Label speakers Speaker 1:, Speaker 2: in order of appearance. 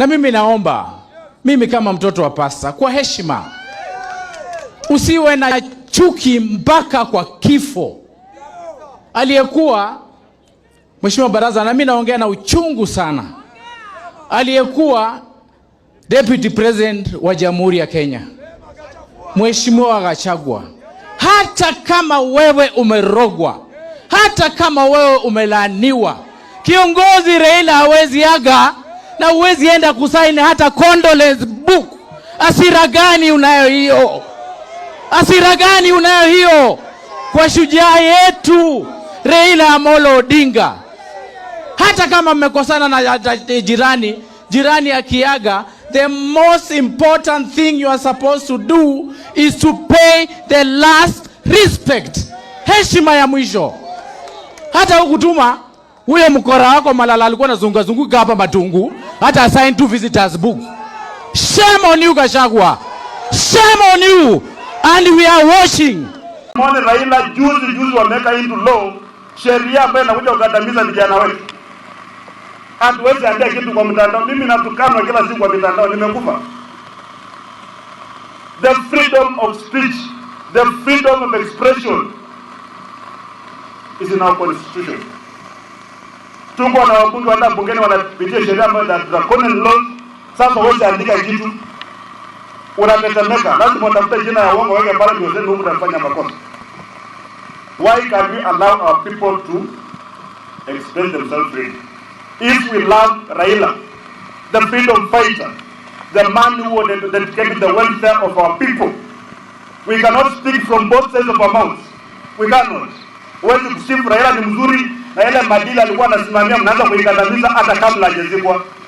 Speaker 1: Na mimi naomba, mimi kama mtoto wa pasta, kwa heshima, usiwe na chuki mpaka kwa kifo. Aliyekuwa mheshimiwa baraza, na mimi naongea na uchungu sana, aliyekuwa deputy president wa jamhuri ya Kenya, mheshimiwa Gachagua, hata kama wewe umerogwa, hata kama wewe umelaaniwa, kiongozi Raila hawezi aga na uwezi enda kusaini hata condolence book. Asira gani unayo hiyo? Asira gani unayo hiyo kwa shujaa yetu Raila Amolo Odinga? Hata kama mmekosana na jirani, jirani akiaga, the most important thing you are supposed to do is to pay the last respect, heshima ya mwisho. Hata hukutuma huyo mkora wako Malala alikuwa anazunguka zunguka hapa Matungu, hata assign two visitors book. Shame on you Gachagua. Shame on you and we are watching.
Speaker 2: Mone Raila juzi juzi wameweka into law sheria ambayo inakuja kukandamiza vijana wetu. Hatuwezi andika kitu kwa mtandao. Mimi natukanwa kila siku kwa mitandao, nimekufa. The freedom of speech, the freedom of expression is in our constitution tumbo na wabunge wanaenda bungeni wanapitia sheria ambayo za common law. Sasa wewe andika kitu unatetemeka, lazima utafute jina ya uongo wake pale, ndio zenu mtafanya makosa. Why can we allow our people to express themselves freely? If we love Raila, the freedom fighter, the man who wanted to dedicate the welfare of our people, we cannot speak from both sides of our mouths. We cannot. Huwezi kusifu Raila ni mzuri na ile madila alikuwa anasimamia mnaanza kuikandamiza hata kabla hajazikwa.